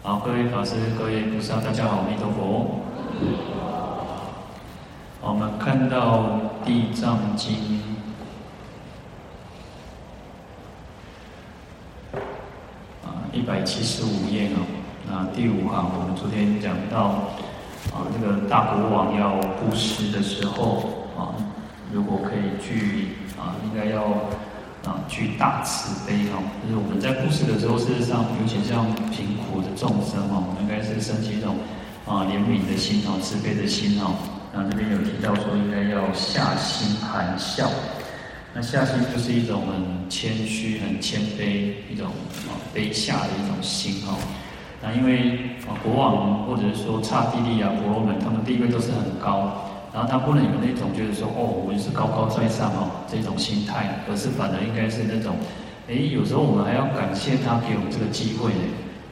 好，各位法師，各位菩薩，大家好，我是阿彌陀佛，嗯。我們看到《地藏經》啊，一百七十五頁呢，啊，那第五行，我們昨天講到，啊，這、那個大國王要布施的時候，啊，如果可以去，啊，應該要。啊，具大慈悲哈、哦，就是我們在布施的時候，事實上，尤其像貧苦的眾生哈，我們哦，應該是升起一種啊憐憫的心哈、哦、慈悲的心哈、哦。那這邊有提到說，應該要下心含笑。那下心就是一種很謙虛、很謙卑一種啊卑下的一種心哈、哦。那因為啊國王或者是說剎帝利啊、婆羅門，他們地位都是很高。然後他不能有那種覺得說哦，我們是高高在上哦、啊、這種心態，而是反而應該是那種，哎，有時候我們還要感謝他給我們這個機會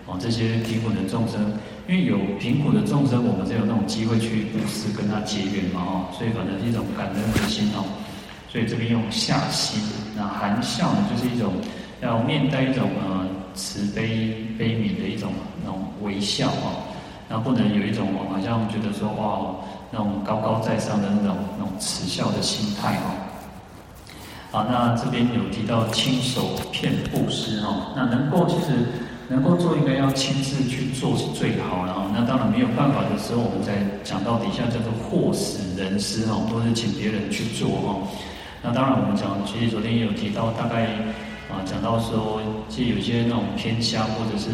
哦，這些貧苦的眾生，因為有貧苦的眾生，我們才有那種機會去布施跟他結緣嘛哦，所以反正是一種感恩的心哦，所以這邊用下心，那含笑呢就是一種要面帶一種呃慈悲悲憫的一種那種微笑啊，那不能有一種好像覺得說哇哦。那種高高在上的那種那種恥笑的心態哦。好，那這邊有提到親手遍布施哦，那能夠其實能夠做一個要親自去做是最好，然後那當然沒有辦法的時候，我們再講到底下叫做或使人施哦，都是請別人去做哦。那當然我們講，其實昨天也有提到，大概啊講到說，其實有些那種偏鄉或者是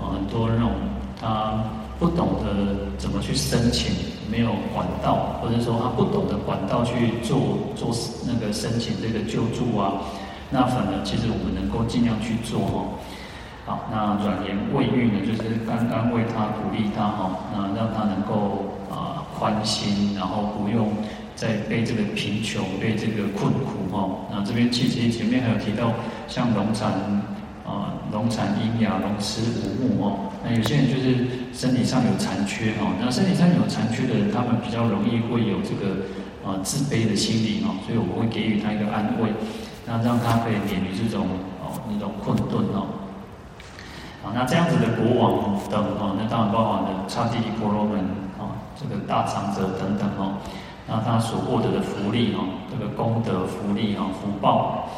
啊很多那種他不懂得怎麼去申請。沒有管道，或者說他不懂得管道去做做那個申請這個救助啊，那反而其實我們能夠盡量去做哈、哦。好，那軟言慰喻呢，就是剛剛為他鼓勵他哈、哦，那讓他能夠啊、呃、寬心，然後不用再被這個貧窮，被這個困苦哈、哦。那這邊其實前面還有提到，像癃殘，癃殘瘖啞，聾癡無目哦，那有些人就是身體上有殘缺哦，那身體上有殘缺的人，他們比較容易會有這個、呃、自卑的心理哦，所以我們會給予他一個安慰，那讓他可以免於這種哦那種困頓哦,哦。那這樣子的國王等哦，那當然包含了剎帝婆羅門哦，這個大長者等等哦，那他所獲得的福利哦，這個功德、福利哈、福報。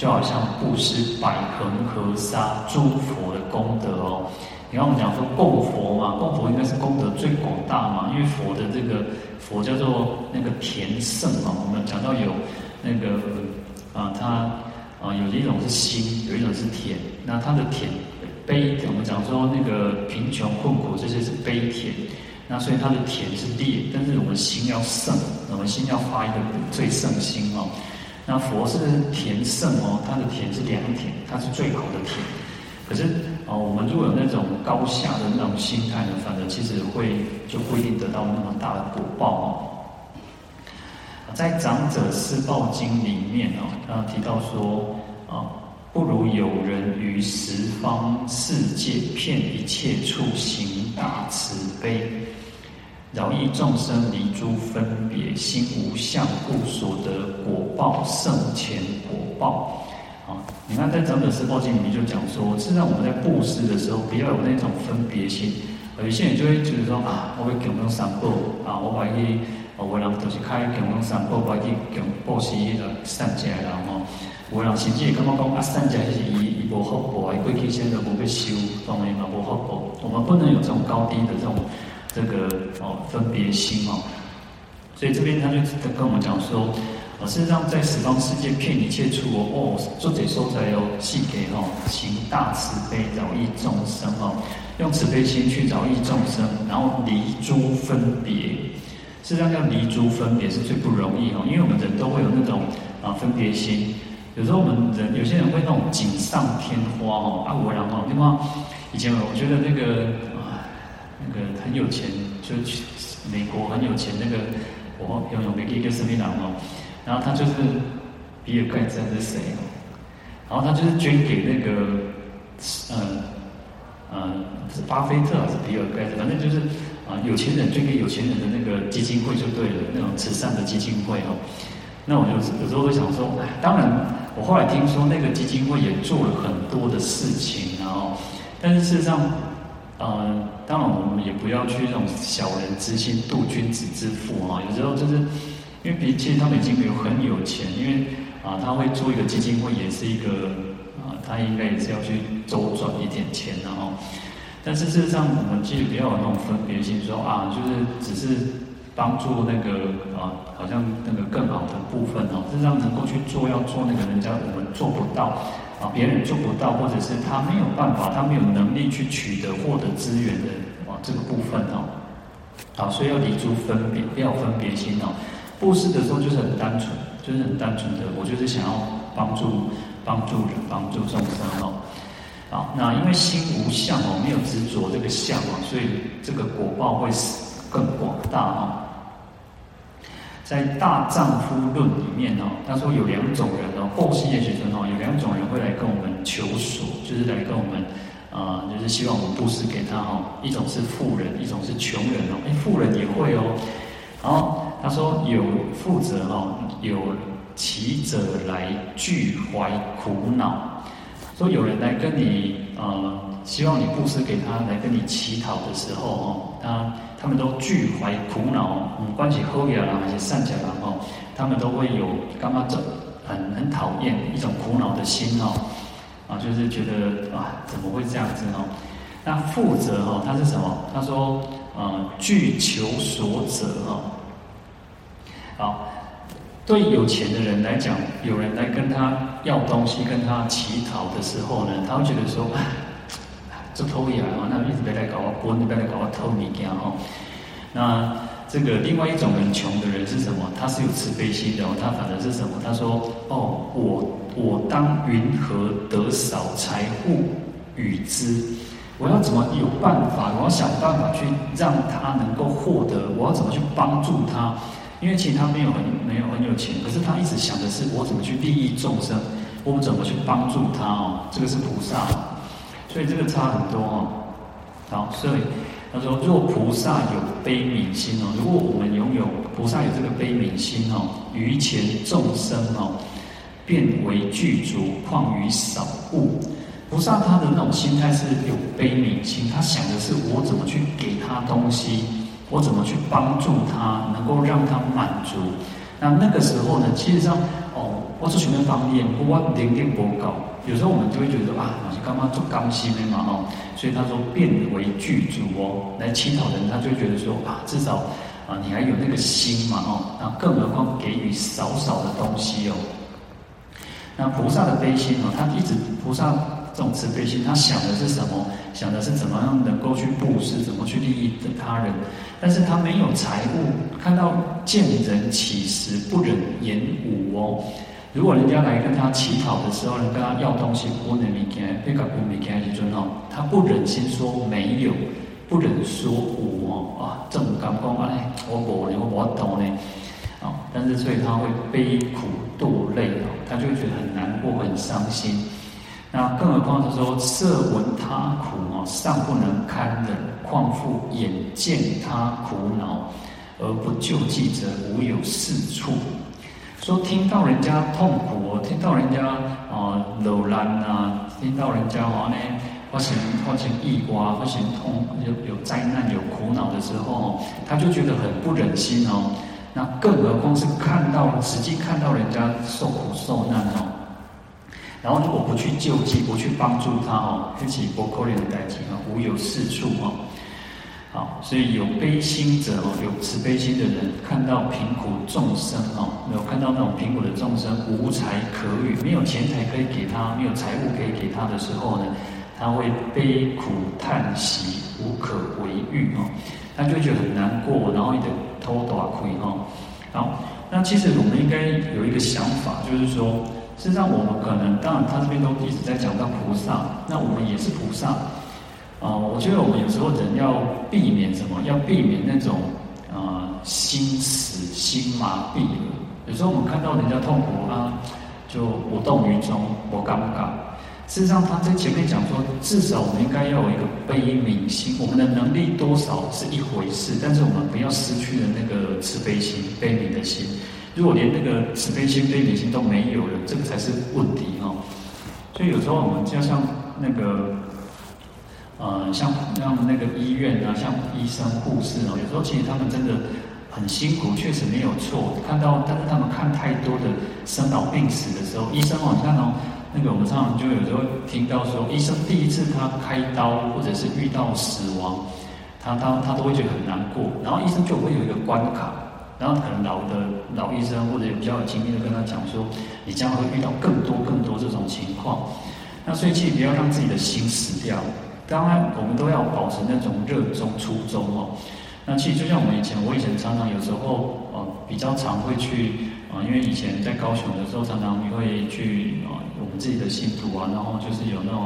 就好像布施百恆河沙諸佛的功德哦，你看我們講說供佛嘛，供佛應該是功德最廣大嘛，因為佛的這個佛叫做那個田勝嘛，我們講到有那個啊，他、呃、啊、呃、有一種是心，有一種是田。那他的田悲，我們講說那個貧窮困苦這些是悲田。那所以他的田是劣，但是我們心要勝，我們心要發一個最勝心哦。那佛是，是田聖哦，他的田是良田，他是最好的田。可是哦，我們如果有那種高下的那種心態呢？反正其實會就不一定得到那麼大的果報哦。在《長者施報經》裡面哦，他提到說：啊、哦，不如有人於十方世界，遍一切處行大慈悲。饒益眾生，離諸分別心，無相故，所得果報勝前果報。啊，你看在《長者施報經》裡面就講說，是讓我們在布施的時候，不要有那種分別心。有些人就會覺得說，啊，我給不們三寶啊，我把一我有人就是開給不用三寶，把一些布施的善財了嘛。有人甚至剛剛講啊，善財是一伊無福報，過去先了無去修，當然嘛無福報。我們不能有這種高低的這種。這個哦，分別心哦，所以這邊他就跟我們講說，哦，事實上在十方世界遍一切處哦，作者作者有寄給哦，行大慈悲饒益眾生哦，用慈悲心去饒益眾生，然後離諸分別。事實上，叫離諸分別是最不容易哦，因為我們人都會有那種啊分別心，有時候我們人有些人會那種錦上添花哦，啊我然後那麼以前我我覺得那個。那個很有錢，就去，美國很有錢那個，我有一個斯密朗哦，然後他就是比爾蓋茨還是誰，然後他就是捐給那個，呃呃，是巴菲特還是比爾蓋茨？反正就是啊、呃，有錢人捐給有錢人的那個基金會就對了，那種慈善的基金會哦。那我就有時候會想說，唉當然我後來聽說那個基金會也做了很多的事情，然後但是事實上。呃，當然我們也不要去那種小人之心度君子之腹哈，哦，有時候就是因為畢竟他們已經沒有很有錢，因為啊，他會做一個基金會，也是一個啊，他應該也是要去周轉一點錢的哦。但是事實上，我們其實不要有那種分別心，說啊，就是只是幫助那個啊，好像那個更好的部分哦。事實上，能夠去做要做那個人家，我們做不到。啊，別人做不到，或者是他沒有辦法，他沒有能力去取得獲得資源的啊這個部分哦，啊，所以要離諸分別，不要分別心哦。布施的時候就是很單純，就是很單純的，我就是想要幫助幫助人，幫助眾生哦，好。那因為心無相哦，沒有執着這個相哦，所以這個果報會更廣大哦。在《大丈夫論》裡面哦，他說有兩種人哦，後世的學生哦，有兩種人會來跟我們求索，就是來跟我們、呃，就是希望我們布施給他哦。一種是富人，一種是窮人哦、欸。富人也會哦、喔。然後他說有富者哦，有乞者來具懷苦惱，說有人來跟你呃，希望你布施給他，來跟你乞討的時候哦，他。他們都俱懷苦惱，嗯，歡喜喝呀啦，還是上甲啊，哦，他們都會有剛剛很很討厭一種苦惱的心哦，啊，就是覺得啊，怎麼會這樣子哦？那富者哦，他是什麼？他說，啊、嗯，具求所者哦，好，對有錢的人來講，有人來跟他要東西，跟他乞討的時候呢，他會覺得說。偷呀，吼，那一直在搞啊，不過在搞偷你羹，吼。那這個另外一種很窮的人是什麼？他是有慈悲心的，他反正是什麼？他說：哦，我我當雲何得少財富與之？我要怎麼有辦法？我要想辦法去讓他能夠獲得，我要怎麼去幫助他？因為其實他沒有很沒有很有錢，可是他一直想的是我怎麼去利益眾生，我們怎麼去幫助他？哦，這個是菩薩。所以這個差很多哦，好，所以他說：若菩薩有悲憫心哦，如果我們擁有菩薩有這個悲憫心哦，於前眾生哦，變為具足，況於少物。菩薩他的那種心態是有悲憫心，他想的是我怎麼去給他東西，我怎麼去幫助他，能夠讓他滿足。那那個時候呢，其實上哦，我是全多方面，我點點我搞，有時候我們就會覺得啊。剛剛做高薪的嘛哦，所以他說，變為具足哦，來乞討人，他就覺得說啊，至少啊你還有那個心嘛哦，那更何況給予少少的東西哦。那菩薩的悲心哦，他一直菩薩這種慈悲心，他想的是什麼？想的是怎麼樣能夠去布施，怎麼去利益他人？但是他沒有財物，看到見人乞食，不忍言誤哦。如果人家來跟他乞討的時候，人家要東西，我難搞不沒起就他不忍心說沒有，不忍說我哦啊，正剛講哎，我我我到呢啊，但是所以他會悲苦墮淚，他就覺得很難過，很傷心。那更何況是說，設聞他苦哦，尚不能堪忍，況復眼見他苦惱而不救濟者，無有是處。說聽到人家痛苦哦，聽到人家啊，流、呃、浪啊，聽到人家話呢，發生發生異瓜，發生痛有有災難、有苦惱的時候、哦、他就覺得很不忍心哦。那更何況是看到、實際看到人家受苦受難哦，然後如果不去救濟、不去幫助他哦，自己波苦的代替啊，無有是處哦。好，所以有悲心者哦，有慈悲心的人，看到貧苦眾生哦，沒有看到那種貧苦的眾生，無財可予，沒有錢財可以給他，沒有財物可以給他的時候呢，他會悲苦嘆息，無可為喻哦，他就覺得很難過，然後一頭大虧哦。好，那其實我們應該有一個想法，就是說，實際上我們可能，當然他這邊都一直在講到菩薩，那我們也是菩薩。啊、呃，我覺得我們有時候人要避免什麼？要避免那種啊、呃，心死、心麻痹。有時候我們看到人家痛苦啊，就無動於衷，我敢不敢？事實上，他在前面講說，至少我們應該要有一個悲憫心。我們的能力多少是一回事，但是我們不要失去了那個慈悲心、悲憫的心。如果連那個慈悲心、悲憫心都沒有了，這個才是問題哦。所以有時候我們就要像那個。呃、嗯，像像那，那個醫院啊，像醫生、護士啊、喔，有時候其實他們真的很辛苦，確實沒有錯。看到，但是他們看太多的生老病死的時候，醫生好像哦，那個我們常常就有時候聽到說，醫生第一次他開刀或者是遇到死亡，他他他都會覺得很難過。然後醫生就會有一個關卡，然後可能老的老醫生或者也比較有經驗的跟他講說，你將會遇到更多更多這種情況，那所以請不要讓自己的心死掉。當然，我們都要保持那種熱衷初衷哦。那其實就像我們以前，我以前常常有時候呃比較常會去、呃、因為以前在高雄的時候，常常會去、呃、我們自己的信徒啊，然後就是有那種、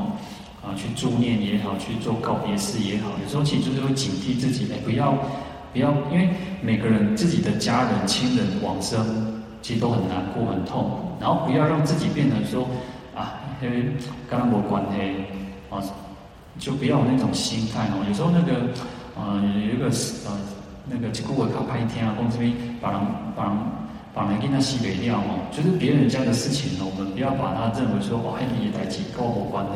呃、去助念也好，去做告別式也好，有時候其實就是會警惕自己，哎，不要不要，因為每個人自己的家人親人往生，其實都很難過很痛，然後不要讓自己變得說啊，因為剛剛我關黑。啊就不要有那種心態哦，有時候那個，呃，有一個呃，那個結果卡拍天啊，公司兵把人把人把人給他西北撂哦，就是別人家的事情哦，我們不要把他認為說哇，哎、哦，你也來起高火關的，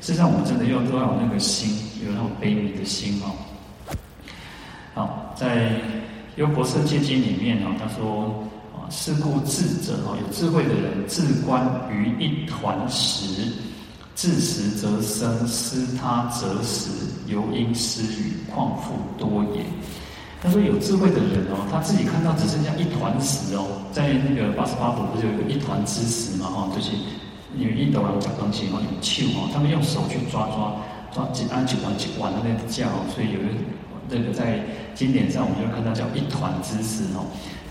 事的，事實上我們真的要都要有那個心，有那種悲憫的心哦。好，在《優婆塞戒經》裡面哦，他說啊，是故智者哦，有智慧的人，智觀於一團石。自食則生，失他則死。由因思雨，況復多言。他說有智慧的人哦，他自己看到只剩下一團屎哦，在那個八十八不是有一個一團之屎嘛？哦，就是你一斗來講東西哦，你們揪哦，他們用手去抓抓抓，緊，亂抓亂抓那在叫，所以有一個那個在經典上我們就看到叫一團之屎哦。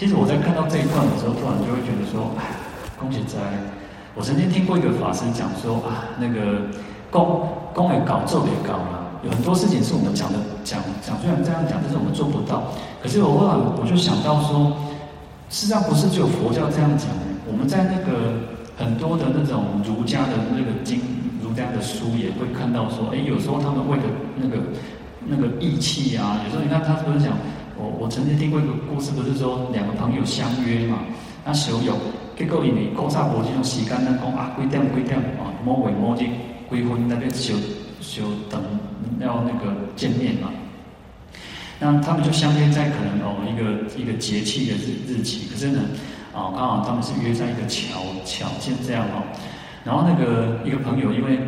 其實我在看到這一段的時候，突然就會覺得說，哎，恭喜在。我曾經聽過一個法師講說啊，那個公公也搞，咒也搞了，有很多事情是我們講的講講，雖然這樣講，但是我們做不到。可是我忽然我就想到說，事實上不是只有佛教這樣講，我們在那個很多的那種儒家的那個經、儒家的書也會看到說，哎，有時候他們為了那個那個義氣啊，有時候你看他不是講。我我曾經聽過一個故事，不是說兩個朋友相約嘛？那時候有結果裡面公差婆就洗乾那公啊歸定歸定啊摸尾摸定歸魂。那那就修等要那個見面嘛？那他們就相約在可能哦一個一個節氣的日日期，可是呢哦，剛好他們是約在一個橋橋間這樣哦。然後那個一個朋友因為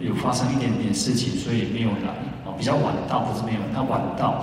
有發生一點點事情，所以沒有來哦，比較晚到不是沒有，他晚到。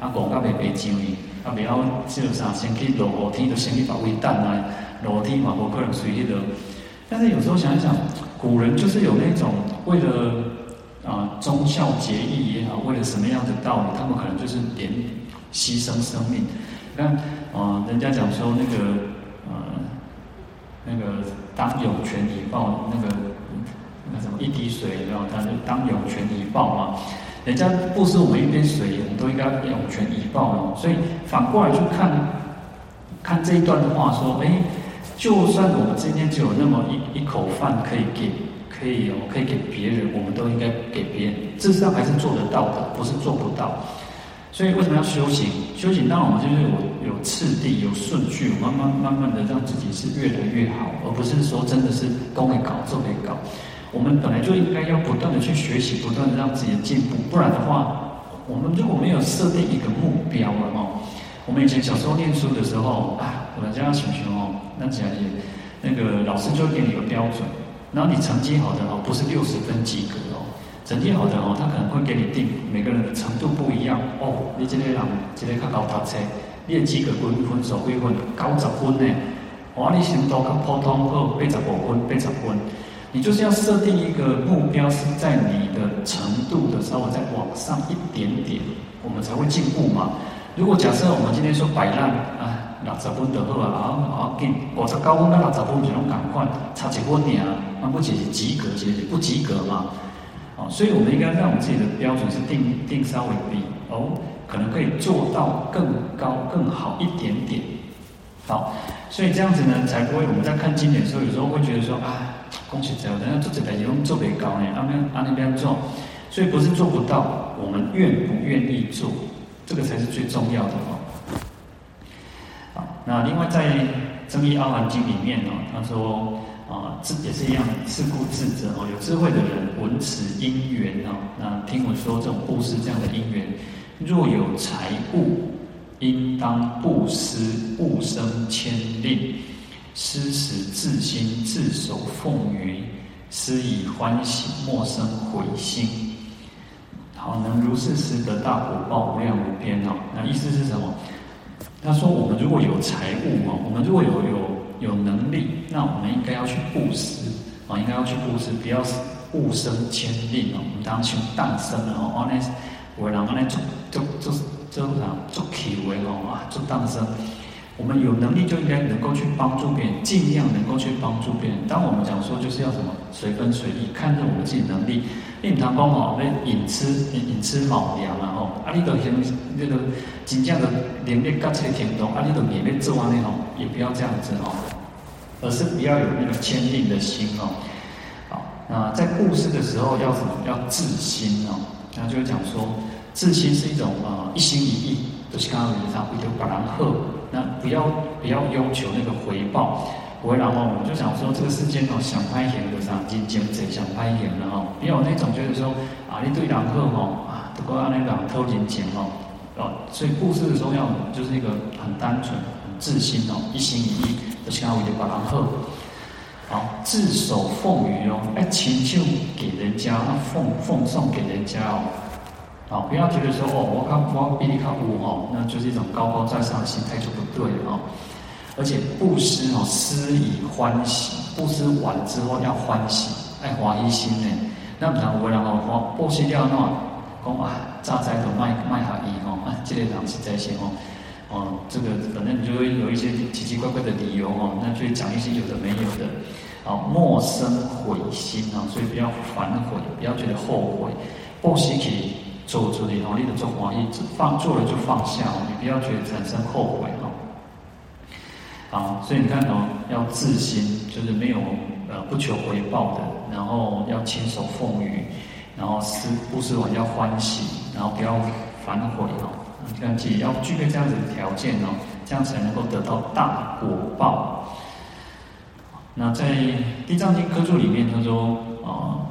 啊，霧較未會經，去，啊，未曉上山先去露雨天，就先去別位等啊。露天嘛，無可人隨意的。但是有時候想一想，古人就是有那種為了啊忠孝節義也好、啊，為了什麼樣的道理，他們可能就是連犧牲生命。那啊、呃、人家講說那個呃，那個當湧泉以報那個那什麼一滴水有沒有，然後他就當湧泉以報嘛，人家不是我們一杯水。湧泉以報，所以反過來去看，看這一段的話說，哎，就算我們今天只有那麼一一口飯可以給，可以哦，可以給別人，我們都應該給別人，至少還是做得到的，不是做不到。所以為什麼要修行？修行當然我們就是有，有次第、有順序，慢慢慢慢的讓自己是越來越好，而不是說真的是都會搞就會搞。我們本來就應該要不斷的去學習，不斷的讓自己進步，不然的話。我們如果沒有設定一個目標啊哦，我們以前小時候念書的時候啊，我們這樣形容哦，那這樣子，那個老師就會給你一個標準，然後你成績好的哦，不是六十分及格哦，成績好的哦，他可能會給你定每個人的程度不一樣哦，你這個人，一、這個考高讀冊，你及幾顆分，90分數幾分，九十分呢，我你程度較普通，哦八十五分，八十分。你就是要設定一個目標，是在你的程度的稍微再往上一點點，我們才會進步嘛。如果假設我們今天說擺爛啊，六十分就好了啊，啊啊，五十九分跟六十分是趕快款，差一分而已啊，那不就是及格，就是不及格嘛。哦，所以我們應該讓我們自己的標準是定定稍微低，哦，可能可以做到更高，更好一點點。好，所以這樣子呢，才不會我們在看經典的時候，有時候會覺得說啊。去呢，他們邊所以不是做不到，我們願不願意做，這個才是最重要的哦。好，那另外在增一阿含經裡面呢、哦，他說啊這也是一樣，是故智者哦，有智慧的人聞此因緣哦，那聽我說這種布施這樣的因緣，若有財物，應當布施，勿生慳吝。施時自心自手奉於，施以歡喜，莫生悔心。好，能如是時，得大果報無量無邊哦。那意思是什麼？他說我：我們如果有財物嘛，我們如果有有有能力，那我們應該要去布施啊，應該要去布施，不要勿生慳吝哦。我們當去誕生哦，哦那我就就那足足足足啥？足球為哦啊，足誕生。喔我們有能力就應該能夠去幫助別人，盡量能夠去幫助別人。當我們講說就是要什麼隨分隨力，看着我們自己的能力。那你講講隱私隱次以次謀糧嘛吼，啊你都嫌你都真正都連你乾脆停動，啊你都免要做安尼哦，也不要這樣子哦、啊，而是不要有那個牽念的心哦、啊。好，那在布施的時候要什麼？要自信哦、啊。那就是講說自信是一種呃一心一意，就是剛剛我們講彼得法蘭克。那不要不要要求那個回報，不會然後，我們就想說這個世間哦、喔，想拍錢的啥，撿錢，想拍錢的哈，沒有那種就是說啊，你對人好哦，不過阿蓮港偷錢錢哦，哦、喔啊，所以故事的重要就是一個很單純、很自信哦、喔，一心一意，不想要為別人好，好、啊、自守奉與哦，哎，情就給人家，啊、奉奉送給人家哦、喔。好，不要覺得說哦，我靠，我比你靠譜哦，那就是一種高高在上的心態就不對了哦。而且布施哦，施以歡喜，布施完之後要歡喜，愛歡一心呢。那不然有個人哦，布施了那講啊，乍在的賣賣下衣哦，啊，這類人是這些哦，哦，這個反正你就會有一些奇奇怪怪的理由哦，那所以講一些有的沒有的。哦，莫生悔心哦，所以不要反悔，不要覺得後悔，布施去。做出的，努力的做，我一直放做了就放下，哦，你不要覺得產生後悔哦。好，啊，所以你看懂，哦，要自信，就是沒有呃不求回報的，然後要親手奉與，然後施布施完要歡喜，然後不要反悔哦。啊、這樣要也要具備這樣子的條件哦，這樣才能夠得到大果報，啊。那在《地藏經》科注裡面他說。啊。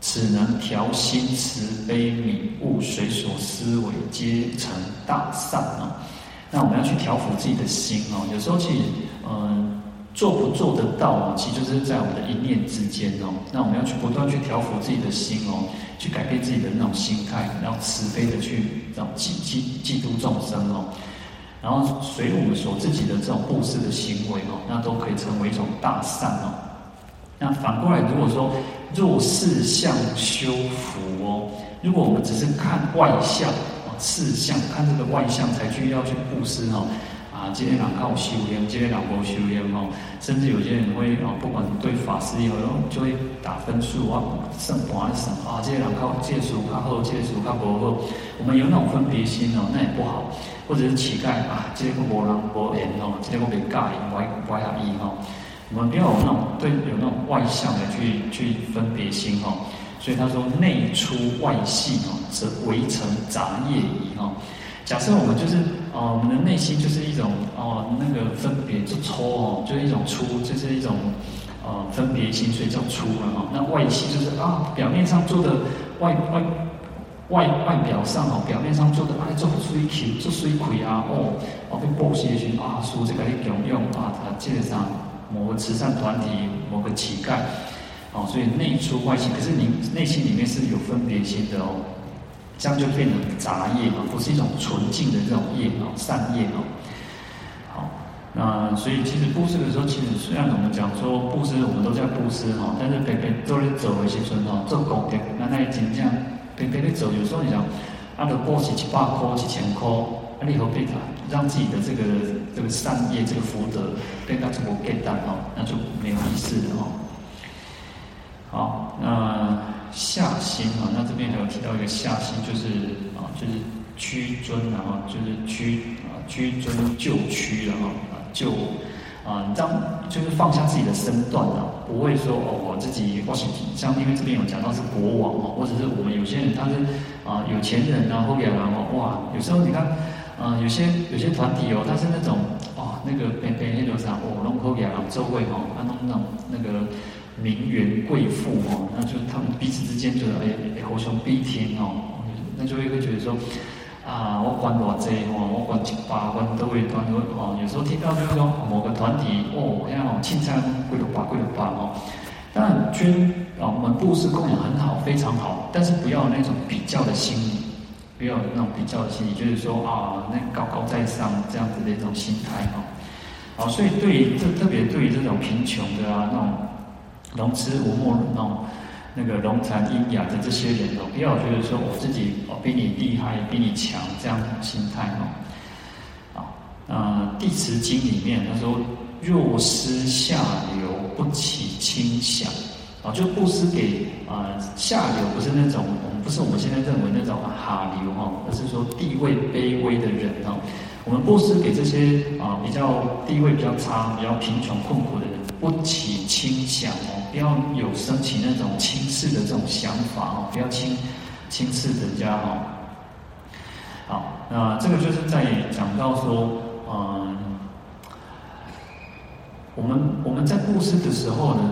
只能調心慈悲憫物，隨所思維皆成大善哦。那我們要去調伏自己的心哦，有時候其實，嗯，做不做得到哦，其實就是在我們的一念之間哦。那我們要去不斷去調伏自己的心哦，去改變自己的那種心態，然後慈悲的去，然後濟濟濟度眾生哦。然後隨我們所自己的這種布施的行為哦，那都可以成為一種大善哦。那反過來，如果說，若四相修福哦，如果我們只是看外相哦，四相看這個外相才去要去布施哦，啊，這個人靠修煉，這個人無修煉哦，甚至有些人會哦，不管對法師也好，就會打分數啊，算盤什麼啊，這些人靠，這個靠好，這個數靠不好，我們有那種分別心哦，那也不好，或者是乞丐啊，這個我人我嫌哦，這個我袂介意，我我阿伊哦。我們不要有那種對有那種外向的去去分別心哈、哦，所以他說內粗外細哦，則為塵雜業矣哈。假設我們就是啊、呃，我們的內心就是一種哦、呃、那個分別就粗哦，就是一種粗，就是一種、呃、分別心，所以叫粗了哈、哦。那外細就是啊，表面上做的外外外外表上哦，表面上做的哎、啊欸、做水球做一葵啊哦，我被剝皮也時啊，梳一、這個的絨用啊，他這上。某個慈善團體，某個乞丐，哦，所以內出外行，可是你內心裡面是有分別心的哦，這樣就變成雜業嘛，不是一種純淨的這種業哦，善業哦。好，那所以其實布施的時候，其實雖然我們講說布施，我們都在布施哈，但是平平做你做一些時候，做功德，那那也真北北平走，伯伯有時候他你想，啊，你布施七八塊、幾千塊，那你何必呢。讓自己的這個這個善業、這個福德被他全部蓋掉哦，down, 那就沒有意思了哦。好，那下心啊，那這邊還有提到一個下心，就是啊，就是屈尊，然後就是屈啊，屈尊就屈了啊，就啊，當就是放下自己的身段啊，不會說哦，我自己或是像因為這邊有講到是國王哦，或者是我們有些人，他是啊有錢人啊，或者啊哇，有時候你看。啊、嗯，有些有些團體哦，他是那種哦，那個北北黑牛山哦，龍口呀，然後周圍吼、哦，那、啊、種那個名媛貴婦哦，那就是他們彼此之間就哎哎好相比天哦，那就會會覺得說啊，我管我濟哦，我管七八，管多位團友哦，有時候聽到就說某個團體哦，我要青餐貴六八，貴六八哦。當然，捐啊、哦，我們布施供養很好，非常好，但是不要有那種比較的心理。不要那種比較心理，就是說啊，那高高在上這樣子的一種心態哦。啊，所以對於這特別對於這種貧窮的啊，那種聾癡無目那種那個癃殘瘖瘂的這些人哦，不要覺得說我、哦、自己哦比你厲害，比你強這樣的心態哦。啊，地持經裡面他說：若思下流，不起輕想。啊，就布施給啊、呃、下流，不是那種，不是我們現在認為那種下流哈，而是說地位卑微的人哦。我們布施給這些啊、呃、比較地位比較差，比較貧窮困苦的人，不起輕想哦，不要有升起那種輕視的這種想法哦，不要輕輕視人家哦。好，那這個就是在也講到說，嗯，我們我們在布施的時候呢，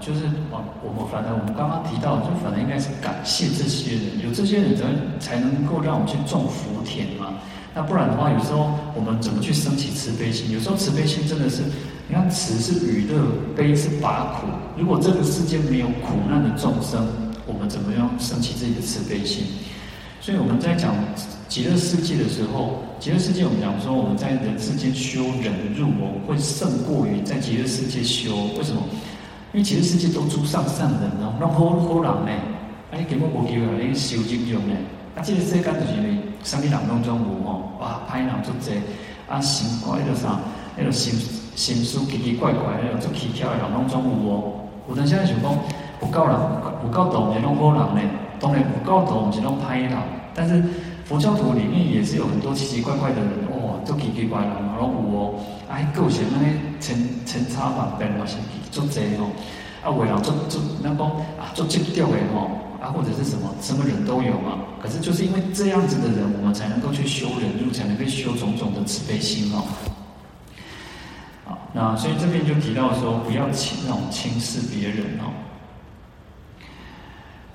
就是我我們反正我們剛剛提到，就反正應該是感謝這些人，有這些人才才能夠讓我們去種福田嘛。那不然的話，有時候我們怎麼去升起慈悲心？有時候慈悲心真的是，你看慈是予樂，悲是拔苦。如果這個世界沒有苦難的眾生，我們怎麼樣升起自己的慈悲心？所以我們在講極樂世界的時候，極樂世界我們講說我們在人世間修忍辱，我們會勝過於在極樂世界修。為什麼？因為全世界都出上善人哦，那好好人咧，啊你根本無機會，你受尊用咧。啊，這個世界就是啥物人攏總有哦、喔，哇，歹人足多，啊，心懷迄個啥，迄個心心思奇奇怪怪的，迄個做蹊蹺的人攏總有哦、喔。有陣時想講，有夠人，有夠教的，是種好人咧，當然我教導是種歹人，但是佛教徒裡面也是有很多奇奇怪怪的人哦，都奇奇怪怪，然後有哦、喔，哎、啊，搞些那陳陳差萬變，我先去。做賊哦，啊，我要做做那幫啊做盡掉的哦，啊或者是什麼什麼人都有啊，可是就是因為這樣子的人，我們才能夠去修忍辱，才能夠修種種的慈悲心哦。好，那所以這邊就提到說，不要輕那種輕視別人哦。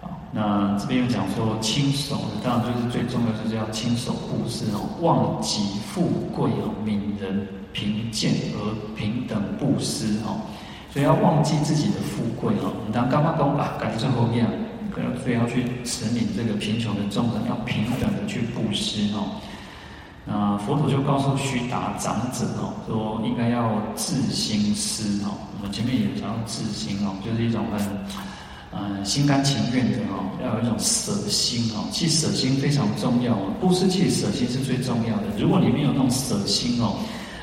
好，那這邊又講說，親手，當然就是最重要就是要親手布施哦，忘己富貴哦，憫人貧賤而平等布施哦。所以要忘記自己的富貴哦，我們當伽瑪工啊，趕最後一樣，更要要去引領這個貧窮的眾生，要平等的去布施哦。那、啊、佛陀就告訴須達長者哦，說應該要自心施哦。我們前面也講到自心哦，就是一種很嗯、呃、心甘情願的哦，要有一種捨心哦。其實捨心非常重要哦，布施其實捨心是最重要的。如果你沒有那種捨心哦，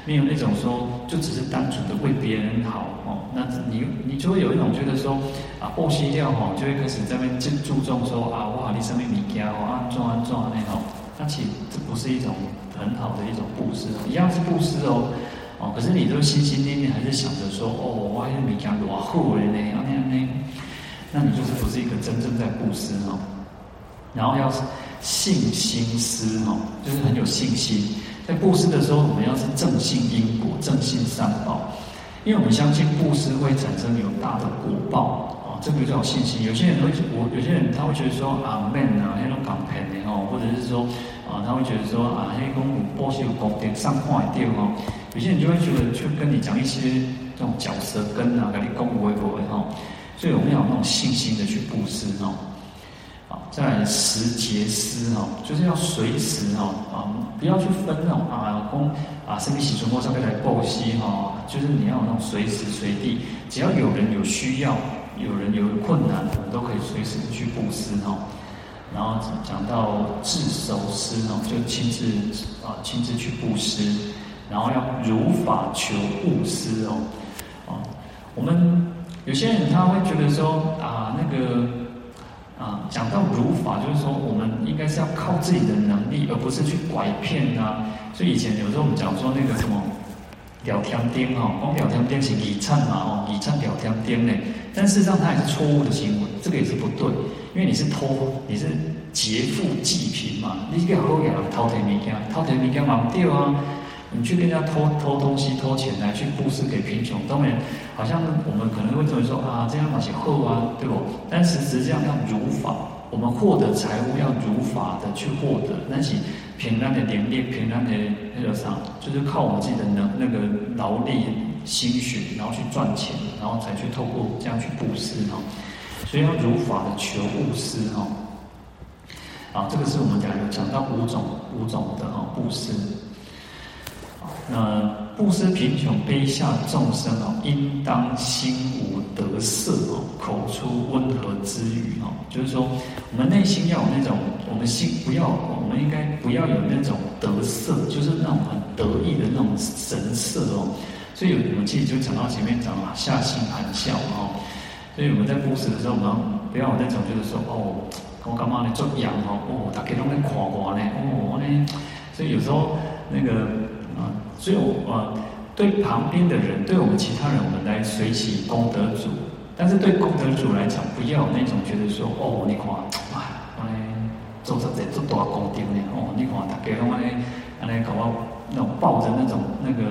沒有那種說，就只是單純的為別人好哦，那你你就會有一種覺得說，啊，餓西掉吼，就會開始在那邊注注重說啊，哇，你身邊米家哦，安坐安坐那種，那其實這不是一種很好的一種布施，一、嗯、樣、嗯嗯、是布施哦，哦、嗯，可是你都心心念念還是想着說，哦，哇，這米家多好呢，安安呢，那你就是不是一個真正在布施哦，然後要信心施哦，就是很有信心。在布施的時候，我們要是正信因果，正信善報，因為我們相信布施會產生有大的果報啊、哦，這個叫信心。有些人會，我有些人他會覺得說啊 man 吶、啊，那種港片的哦，或者是說啊，他會覺得說啊，嘿公婆是有高低，上掛吊哦。有些人就會覺得去跟你講一些這種嚼舌根啊，跟你公婆為為吼，所以我們要有那種信心的去布施哦。啊，在時節施哦，就是要隨時哦，啊，不要去分哦，啊，公啊，身體洗唇過，上面來布施哈，就是你要有那種隨時隨地，只要有人有需要，有人有困難，我們都可以隨時去布施哦。然後講到自手施，然後就親自啊，親自去布施，然後要如法求布施哦，啊，我們有些人他會覺得說啊，那個。啊，講到如法，就是說我們應該是要靠自己的能力，而不是去拐騙啊。所以以前有時候我們講說那個什麼，廖添丁光哦，廖添丁是義賊嘛，哦，義賊廖添丁嘞。但事實上他也是錯誤的行為，這個也是不對，因為你是偷，你是劫富濟貧嘛，你好偷人家偷的物件，偷的物件冇對啊。你去跟人家偷偷東西、偷錢來去布施給貧窮，當然好像我們可能會認為說，啊這樣蠻欠厚啊，對哦。但是實際上要如法，我們獲得財物要如法的去獲得，那是平安的點累、平安的那個啥，就是靠我們自己的能那個勞力、心血，然後去賺錢，然後才去透過這樣去布施哦。所以要如法的求布施哦。啊，這個是我們講講到五種五種的哦布施。呃，布施貧窮卑下眾生哦，應當心無得色哦，口出溫和之語哦，就是說，我們內心要有那種，我們心不要，我們應該不要有那種得色，就是那種很得意的那種神色哦。所以有，有勇氣就講到前面講嘛，下心含笑哦。所以我們在布施的時候，不要不要有那種，就是說哦，我幹嘛呢做羊哦，哦，大家弄那誇誇呢，哦，我，哦我哦，所以有時候那個。所以我，我、呃、啊，對旁邊的人，對我們其他人，我們來隨喜功德主。但是，對功德主來講，不要那種覺得說，哦，你看，哎，做出來做多少功德呢？哦，你看他給 ongan 我那種抱着那種那個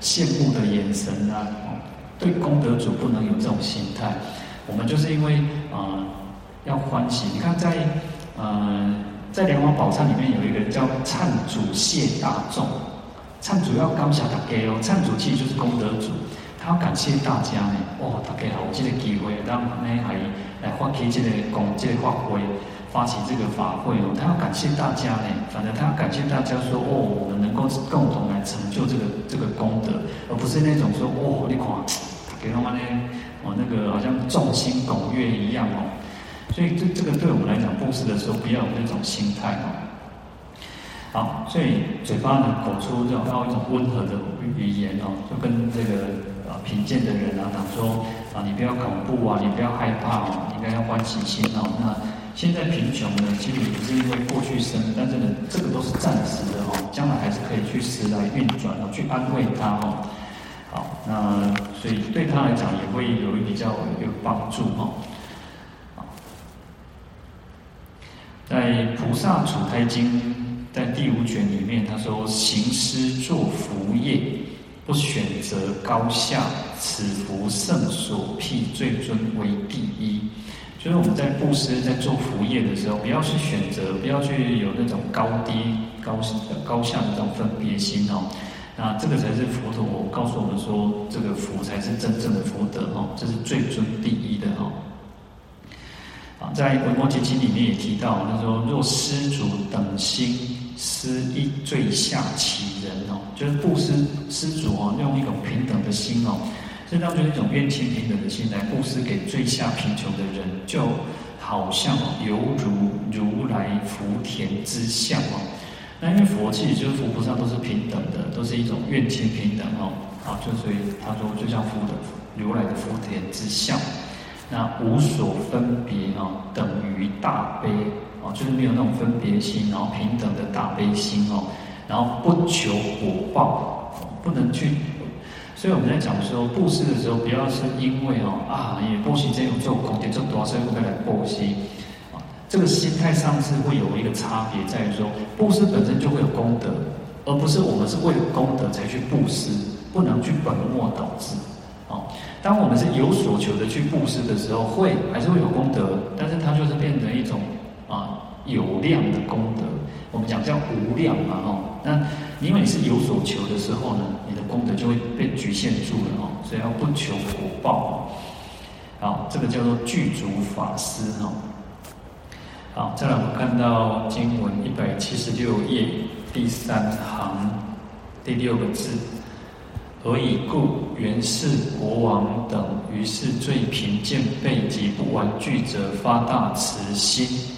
羨慕的眼神啊、嗯。對功德主不能有這種心態。我們就是因為啊、呃，要歡喜。你看在，在呃，在梁皇寶懺裡面有一個叫懺主謝大眾。唱主要感謝大家哦，唱主其實就是功德主，他要感謝大家呢。哦，大家有這個機會，讓呢還來發起這個功德、這個、法會，發起這個法會哦。他要感謝大家呢，反正他要感謝大家說哦，我們能夠共同來成就這個這個功德，而不是那種說哦，你看大家呢，哦那個好像眾星拱月一樣哦。所以這這個對我們來講布施的時候，不要有那種心態哦。好，所以嘴巴呢，口出找到一種溫和的語言哦，就跟這個啊貧賤的人啊，他說啊，你不要恐怖啊，你不要害怕哦、啊，應該要歡喜心哦。那現在貧窮呢，其實也不是因為過去生，但是呢，這個都是暫時的哦，將來還是可以去時來運轉哦，去安慰他哦。好，那所以對他來講也會有一比較有幫助哦。好，在菩薩處胎經，在第五卷裡面，他說：“行施做福業，不選擇高下，此福勝所辟，最尊為第一。”就是我們在布施、在做福業的時候，不要去選擇，不要去有那種高低、高高下的那種分別心哦。那這個才是佛陀告訴我們說，這個福才是真正的福德哦，這是最尊第一的哦。啊，在《維摩詰經》裡面也提到，他、就是、說：“若施主等心。”施一最下乞人哦，就是布施施主哦、啊，用一種平等的心哦、啊，實際上就是一種怨親平等的心來布施給最下貧窮的人，就好像猶如如來福田之相哦、啊。那因為佛系就是佛菩薩都是平等的，都是一種怨親平等哦、啊，啊，就所以他說就像福的如來的福田之相，那無所分別哦、啊，等於大悲。就是沒有那種分別心，然後平等的大悲心哦，然後不求果報，不能去。所以我們在講說布施的時候，不要是因為哦啊也不行這種做功德，做多少善福德來布施。這個心態上是會有一個差別，在於說布施本身就會有功德，而不是我們是為了功德才去布施，不能去本末倒置。哦、啊，當我們是有所求的去布施的時候，會還是會有功德，但是它就是變成一種。有量的功德，我們講叫無量嘛吼。那因為你是有所求的時候呢，你的功德就會被局限住了吼。所以要不求福報。好，這個叫做具足法師吼。好，再來我們看到經文一百七十六頁第三行第六個字，何以故？緣是國王等於是最貧賤輩，及不完具者，發大慈心。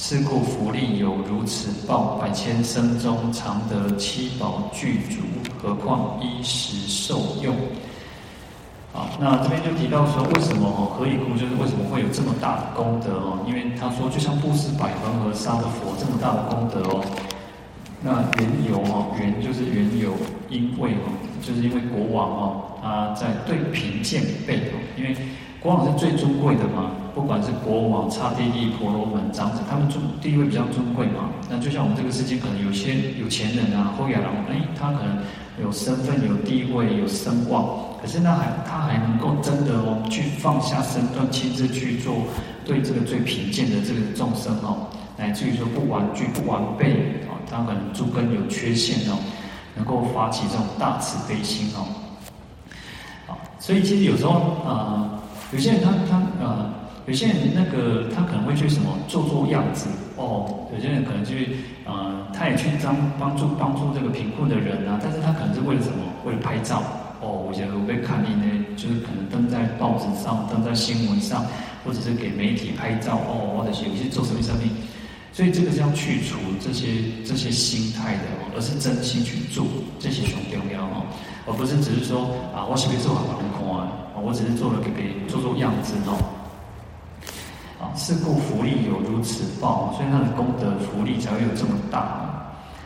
是故福利有如此報，百千生中常得七寶具足，何況衣食受用。好，那這邊就提到說，為什麼哦？何以故？就是為什麼會有這麼大的功德哦？因為他說，就像布施百恆河沙的佛這麼大的功德哦。那緣由哦，緣就是緣由，因為哦，就是因為國王哦，他在對貧賤輩哦，因為國王是最尊貴的嘛。不管是國王、剎帝利、婆羅門，這樣子，他們尊地位比較尊貴嘛。那就像我們這個世界，可能有些有錢人啊、富家郎，哎、欸，他可能有身份、有地位、有聲望，可是他還他還能夠真的、哦、去放下身段，親自去做對這個最貧賤的這個眾生哦，乃至於說不完具、不完備哦，他可能諸根有缺陷哦，能夠發起這種大慈悲心哦。好，所以其實有時候呃，有些人他他，他呃。有些人那個他可能會去什麼做做樣子哦，有些人可能去，呃，他也去幫幫助幫助這個貧困的人啊，但是他可能是為了什麼？為了拍照哦。我覺得我會看你呢，就是可能登在報紙上，登在新聞上，或者是給媒體拍照哦，或者是有些做什麼什麼。所以這個是要去除這些這些心態的，而是真心去做這些很重要哦，而不是只是說啊，我是不是做很好看啊，哦？我只是做了給給做做樣子哦。是故福利有如此報，所以他的功德福利才會有這麼大。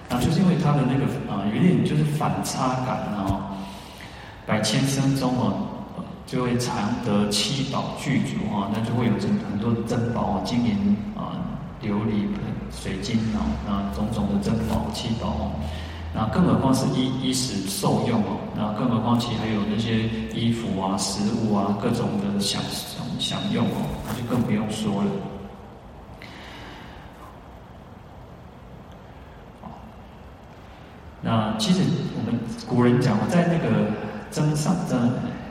然、啊、後就是因為他的那個啊，有點就是反差感啊。百千生中哦、啊，就會常得七寶具足啊，那就會有這很多的珍寶，金銀啊、琉璃、水晶啊，那種種的珍寶、七寶哦。那、啊、更何況是衣衣食受用哦，那、啊、更何況其還有那些衣服啊、食物啊、各種的小。享用哦，那就更不用說了。那其實我們古人講，在那個《增上增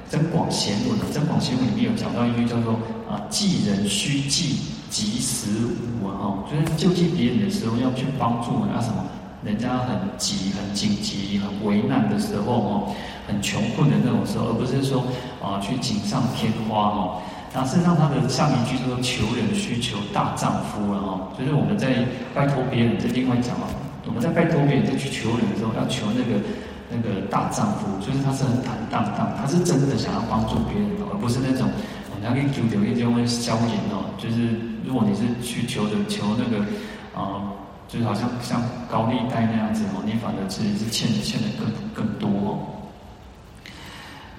增廣賢文》《增廣賢文》裡面有講到一句叫做啊，濟人須濟急時無啊。哦，就是救濟別人的時候要去幫助人家、啊、什麼，人家很急、很緊急、很危難的時候哦，很窮困的那種時候，而不是說啊去錦上添花哦。那事實上，他的下一句說：“求人需求大丈夫了哦。”就是我們在拜托別人，在另外一講哦，我們在拜托別人再去求人的時候，要求那個那個大丈夫，就是他是很坦荡蕩，他是真的想要幫助別人，而不是那種我們要去九九一些這種消遣哦。就是如果你是去求的，求那個，呃，就是好像像高利貸那樣子哦，你反而是是欠欠的更更多。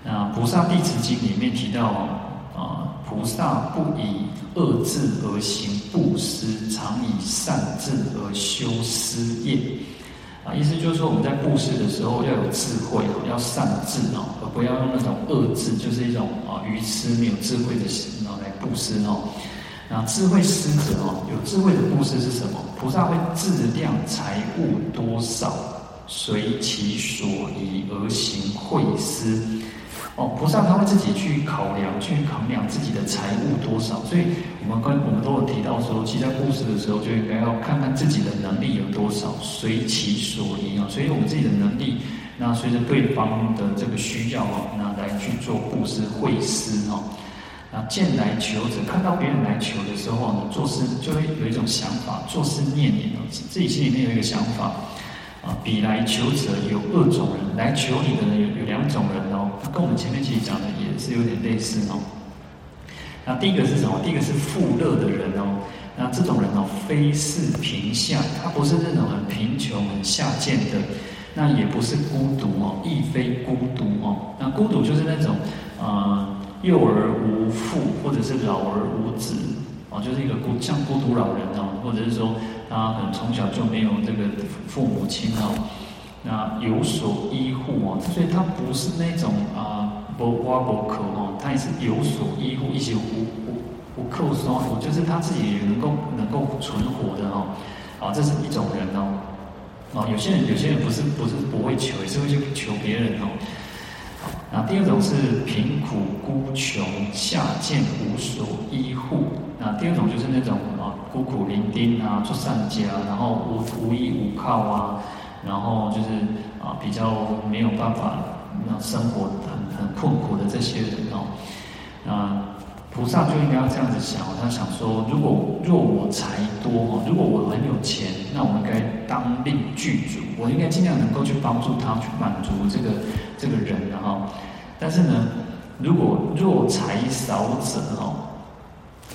那《菩薩地持經》裡面提到。啊，菩薩不以惡智而行布施，常以善智而修施業。啊，意思就是說，我們在布施的時候要有智慧哦、啊，要善智哦、啊，而不要用那種惡智，就是一種啊愚痴沒有智慧的行哦、啊、來布施哦。那、啊啊、智慧施者哦、啊，有智慧的布施是什麼？菩薩會質量財物多少，隨其所宜而行惠施。哦，菩薩他會自己去考量，去衡量自己的財物多少，所以我們跟我們都有提到說，其實在布施的時候就應該要看看自己的能力有多少，隨其所應啊，所以我們自己的能力，那隨着對方的這個需要，那來去做布施、惠施哦，那見來求者，看到別人來求的時候呢，做事就會有一種想法，做事念念哦，自己心裡面有一個想法。啊，彼來求者有二種人，來求你的呢有有兩種人哦，他跟我們前面其實講的也是有點類似哦。那第一個是什麼？第一個是富樂的人哦，那這種人哦，非是貧下，他不是那種很貧窮很下賤的，那也不是孤獨哦，亦非孤獨哦。那孤獨就是那種呃，幼而無父或者是老而無子哦，就是一個孤像孤獨老人哦，或者是說。他可能從小就沒有這個父母親哦，那有所依護哦，所以他不是那種啊不瓜不可哦，他也是有所依護，一些無無無靠就是他自己能夠能夠存活的哦，啊，這是一種人哦，啊，有些人有些人不是不是不會求，也是會去求別人哦，好、啊，然後第二種是貧苦孤窮下賤無所依護。啊，第二種就是那種啊孤苦，苦伶仃啊，出善家，然後無無依無靠啊，然後就是啊比較沒有辦法，那、啊、生活很很困苦的這些人哦。那、啊、菩薩就應該要這樣子想，他想說，如果若我財多哦、啊，如果我很有錢，那我應該當令具足，我應該盡量能夠去幫助他，去滿足這個這個人哈、啊。但是呢，如果若財少者哦。啊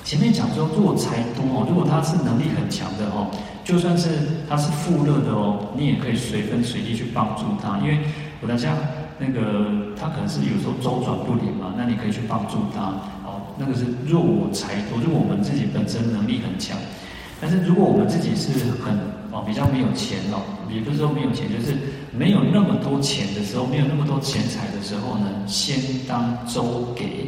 前面講說，若財多、哦，如果他是能力很強的哦，就算是他是富樂的哦，你也可以隨分隨地去幫助他，因為我等下，那個他可能是有時候周轉不靈嘛，那你可以去幫助他，哦，那個是若我財多，如果我們自己本身能力很強，但是如果我們自己是很哦比較沒有錢哦，也不是說沒有錢，就是沒有那麼多錢的時候，沒有那麼多錢財的時候呢，先當周給。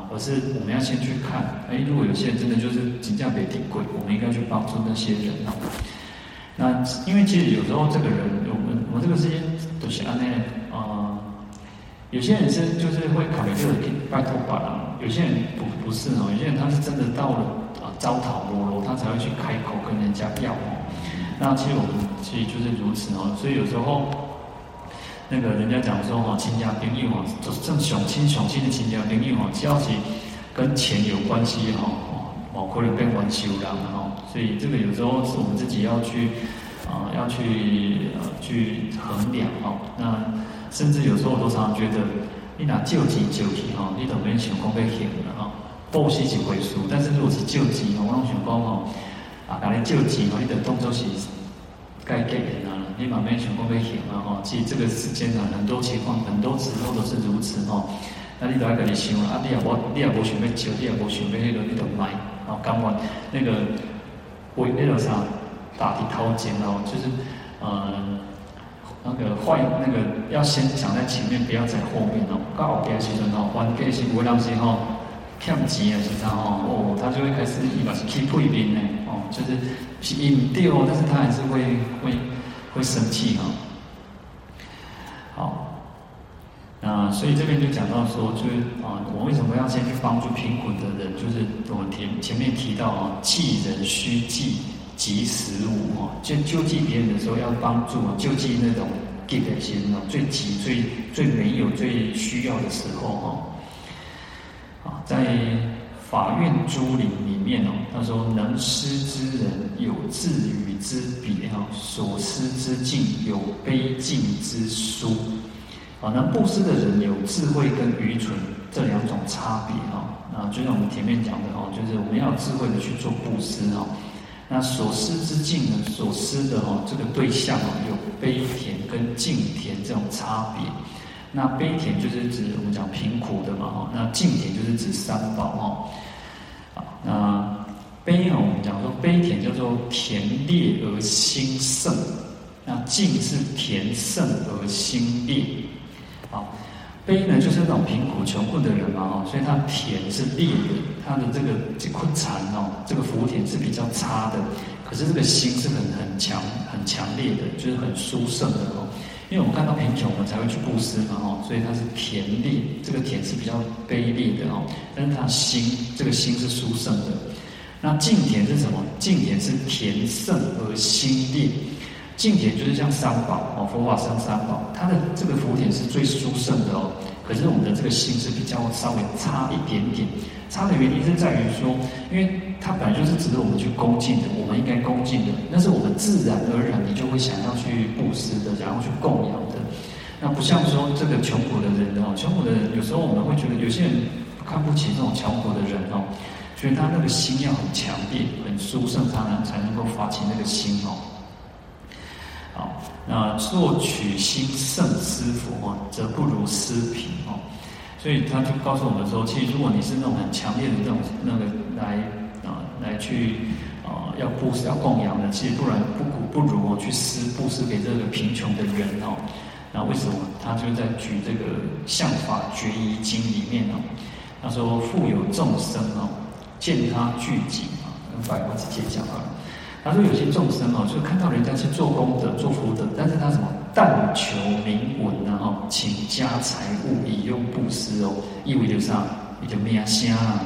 而是我們要先去看，哎，如果有些人真的就是金價也挺貴，我們應該去幫助那些人哦。那因為其實有時候這個人，我們我們這個世界都是啊、呃、有些人是就是會考慮說，拜託吧，了；有些人不不是哦，有些人他是真的到了啊糟蹋落落，他才會去開口跟人家要。那其實我們其實就是如此哦，所以有時候。那個人家講說吼，親家便宜吼，就是正想親想親的親家便宜吼，只要是跟錢有關係也好，哦，可能變還手了。吼，所以這個有時候是我們自己要去，啊，要去呃，去衡量吼。那甚至有時候多少人覺得，你拿救急救急吼，你當面想講被騙了吼，報是一回輸。但是如果是救急吼，我當想講吼，啊，拿來救急，你的動作是。該給的了，你外面想部被還了。吼，其實這個時間啊，很多情況，很多時候都是如此吼、啊。那你大家在想，啊你也無你也無想備走，你也無想備那個那個買，然後講那個，我、啊、那個啥大體掏錢哦，就是呃那個壞那個要先想在前面，不要在後面哦、啊。告別時陣吼、啊，還給時不會讓誰吼。跳級啊，其、就是、他哦，哦，他就會開始一把劈背臉呢，哦，就是是忍掉，但是他還是會會會生氣哈、哦。好，那所以這邊就講到說，就是啊，我為什麼要先去幫助貧苦的人？就是我前，前面提到哦，濟人須濟急時務、哦，就救濟別人的時候要幫助救濟那種急一些，那種最急、最最沒有、最需要的時候哦。啊，在法苑珠林裡面哦，他說：能施之人有智愚之別啊，所施之境有悲敬之殊。啊，那布施的人有智慧跟愚蠢這兩種差別啊。那就像我們前面講的哦，就是我們要智慧的去做布施哦。那所施之境呢，所施的哦這個對象哦，有悲田跟敬田這種差別。那悲田就是指我們講貧苦的嘛，哈。那敬田就是指三寶，哈。啊，那悲呢，我們講說悲田叫做田劣而心盛，那敬是田盛而心劣。啊，悲呢就是那種貧苦窮困的人嘛，哈。所以他田是劣的，他的這個這困殘哦，這個福田是比較差的，可是這個心是很很強、很強烈的，就是很殊勝的哦。因為我們看到貧窮，我們才會去布施嘛，所以它是田劣，這個田是比較卑劣的，但是它心，這個心是殊勝的。那敬田是什麼？敬田是田勝而心劣，敬田就是像三寶哦，佛法僧三寶，它的這個福田是最殊勝的哦。可是我們的這個心是比較稍微差一點點，差的原因是在於說，因為它本來就是值得我們去恭敬的，我們應該恭敬的，那是我們自然而然你就會想要去布施的，想要去供養的。那不像說這個窮苦的人哦，窮苦的人有時候我們會覺得有些人看不起這種窮苦的人哦，所以他那個心要很強烈、很殊勝，他才能夠發起那個心哦。好，那若取心勝施佛、啊，則不如施貧哦。所以他就告訴我們說，其實如果你是那種很強烈的那種那個來啊，來去啊，要布施要供養的，其實不然不不不如哦去施布施給這個貧窮的人哦。那為什麼？他就在舉這個《相法決疑經》裡面哦、啊，他說富有眾生哦，見他聚集啊，跟法文直接講啊。他說：“有些眾生哦，就看到人家是做功德，做福德，但是他什麼但求名聞呢？哦，請家財物以用布施哦，意味就是你就命啊，的點啊，信啊，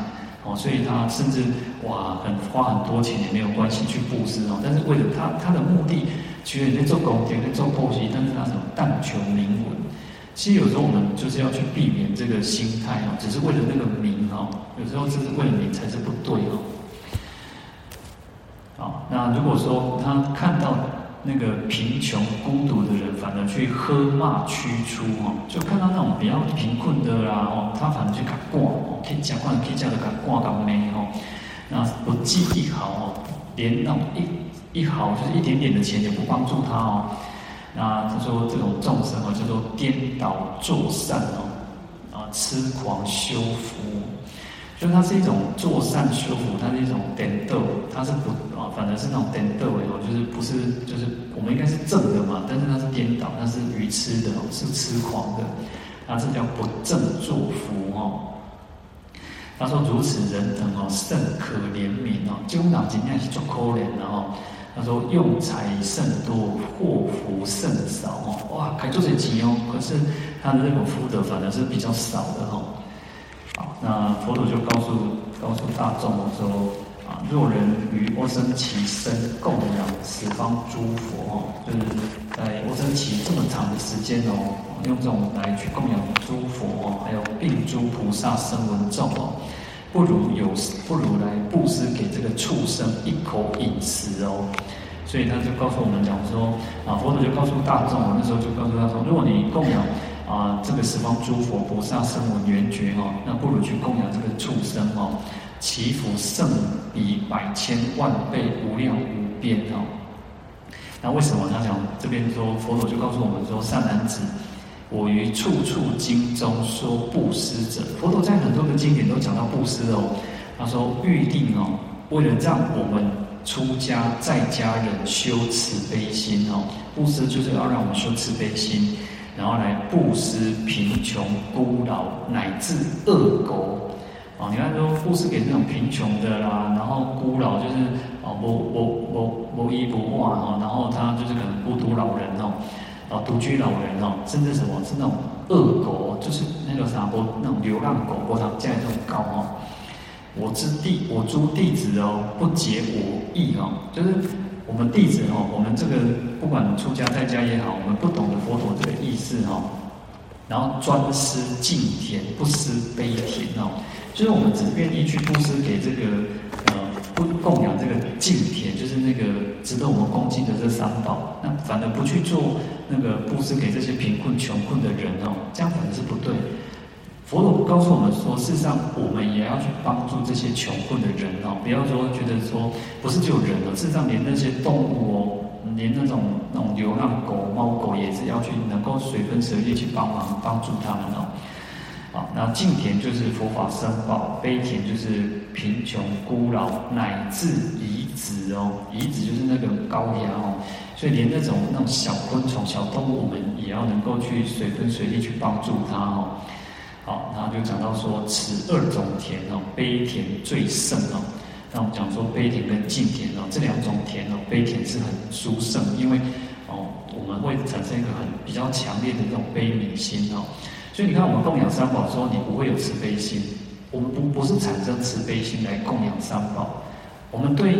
哦，所以他甚至哇，很花很多錢也沒有關係去布施哦，但是為了他他的目的，其實也在做功德，在做布施，但是他什麼但求名聞，其實有時候我們就是要去避免這個心態哦，只是為了那個名哦，有時候只是，是為了名才是不對哦。”啊，那如果說他看到那個貧窮孤獨的人，反而去喝罵驅出哦，就看到那種比較貧困的啦哦，他反而去甲趕，可以講話，可能乞食都甲趕甲罵哦，那不記一毫哦，連那種一一毫就是一點點的錢也不幫助他哦，那他說這種眾生哦，叫做顛倒作善哦，啊癡狂修福。就它是一種做善修福，它是一種顛倒，它是不啊，反而是那種顛倒的就是不是，就是我們應該是正的嘛，但是它是顛倒，它是愚痴的哦，是痴狂的，它是叫不正作福哦。他說如此人等哦，甚可憐憫哦，金光長老今天是做可憐的哦。他說用財甚多，獲福甚少哦，哇，開做些錢哦，可是他的那種福德反而是比較少的哦。那佛祖就告訴告訴大眾說，啊，若人於阿僧祇身供養十方諸佛哦，就是在阿僧祇這麼長的時間哦、啊，用這種來去供養諸佛哦、啊，還有並諸菩薩聲聞眾哦，不如有不如來布施給這個畜生，一口飲食哦，所以他就告訴我們講說，啊，佛祖就告訴大眾，那時候就告訴他說，如果你供養。啊，這個十方諸佛，佛菩薩聲聞緣覺哦，那不如去供養這個畜生，哦，祈福勝彼百千萬倍無量無邊哦。那為什麼？他講這邊說，佛陀就告訴我們說，善男子，我於處處經中說布施者。佛陀在很多的經典都講到布施哦。他說，預定哦，為了讓我們出家在家人修慈悲心哦，布施就是要讓我們修慈悲心。然後來布施貧窮孤老乃至惡狗，哦，你看說布施給那種貧窮的啦、啊，然後孤老就是哦，無無無無依無靠哈，然後他就是可能孤獨老人哦，然、哦、獨居老人哦，甚至什麼是那種惡狗，就是那個啥，我那種流浪狗，我常見這種狗哦，我之弟我諸弟子哦，不結我義哦，就是。我們弟子哦，我們這個不管出家在家也好，我們不懂得佛陀這個意思哦，然後專施敬田，不施悲田哦，就是我們只願意去布施給這個呃，不供養這個敬田，就是那個值得我們恭敬的這三寶，那反而不去做那個布施給這些貧困窮困的人哦，這樣反而是不對。佛告訴我們說，事實上我們也要去幫助這些窮困的人哦，不要說覺得說不是救人哦，事實上連那些動物哦，連那種那種流浪狗、貓狗也是要去能夠隨分隨力去幫忙幫助他們哦。啊，那淨田就是佛法僧寶，悲田就是貧窮孤老乃至蟻子哦，蟻子就是那個高崖哦，所以連那種那種小昆蟲、小動物們也要能夠去隨分隨力去幫助它哦。好，然後就講到說，此二種田哦，悲田最勝哦。那我們講說，悲田跟敬田哦，這兩種田哦，悲田是很殊勝，因為哦，我們會產生一個很比較強烈的這種悲憫心哦。所以你看，我們供養三寶的時候，你不會有慈悲心，我們不不是產生慈悲心來供養三寶，我們對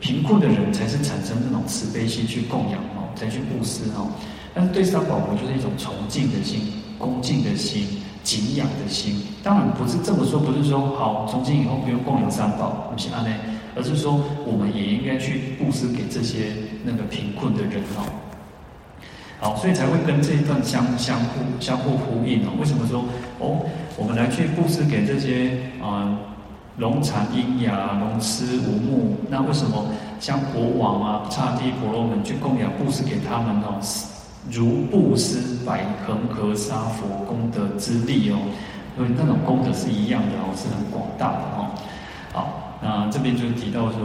貧困的人才是產生這種慈悲心去供養哦，才去布施哦。但是對三寶，我們就是一種崇敬的心、恭敬的心。景仰的心，當然不是這麼說，不是說好，哦，從今以後不用供養三寶，我們先安呢，而是說我們也應該去布施給這些那個貧困的人哦。好，所以才會跟這一段相相呼相互呼應哦。為什麼說哦，我們來去布施給這些啊癃殘喑啞、聾、呃、痴無目？那為什麼像國王啊、剎帝婆羅門去供養布施給他們呢？哦如布施百恆河沙佛功德之利哦，因為那種功德是一樣的哦，是很廣大的哦。好，那這邊就提到說，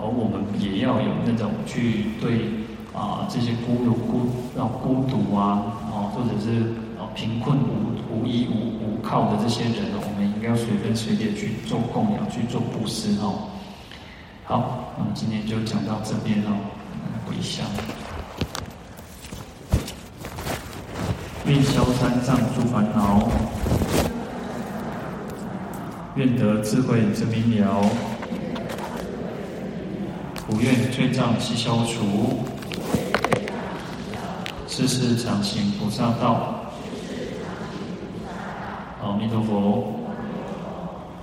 而、哦、我們也要有那種去對啊、呃、這些孤獨孤啊孤獨啊，哦或者是啊貧困無無依無無靠的這些人呢，我們應該要隨分隨力去做供養，去做布施哦。好，那今天就講到這邊了，回、那個願消三障諸煩惱，願得智慧真明了，普願罪障悉消除，世世常行菩薩道。阿彌陀佛。